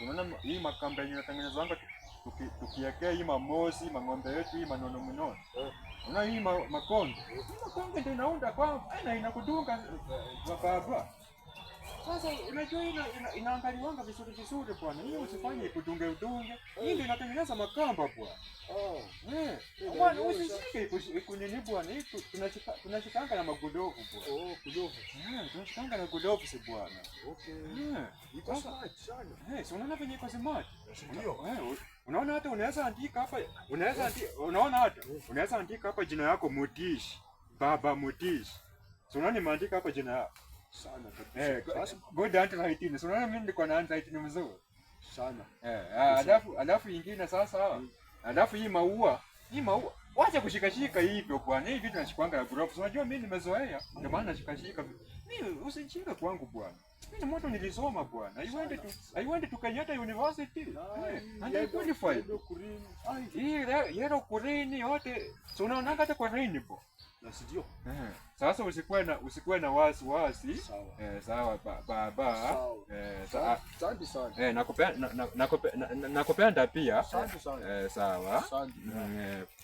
Unaona hii makamba yenye inatengenezwa anga tukiekea hii mamosi mang'ombe yetu hii manono mnono. Unaona hii makonge. Makonge ndio inaunda kwa aina inakudunga kwa eh, baba. Sasa unajua hii wanga vizuri vizuri bwana. Hii usifanye ikudunge udunge. Hii ndio inatengeneza makamba bwana. Oh kunini bwana, tunashikanga na magulovu bwana, oh, eh, tunashikanga na gulovu si bwana. Eh, eh, si unaona venye iko smart? Unaona hata unaweza andika hapa, unaona hata unaweza andika hapa jina yako Mutishi, baba Mutishi. Si unaona nimeandika hapa jina yako sana kabisa. Good handwriting. Si unaona mimi niko na handwriting mzuri sana. Ah, alafu alafu ingine sasa, mm. alafu hii maua hii maua Wacha kushikashika hivyo bwana. Hii vitu nashikwanga na gloves. Unajua mimi nimezoea. Ndio maana nashikashika. Mimi usijinga kwangu bwana. Mimi moto nilisoma bwana. I went to I went to Kenyatta University. And I qualified. Hii yero kurini yote. So unaona hata kwa rain bo. Na sio. Eh. Sasa usikuwe na usikuwe na wasi wasi. Eh, sawa baba. Eh, sawa. Ah. Asante sana. Eh, nakupenda nakupenda nakupenda pia. Asante sana. Eh, sawa. Eh,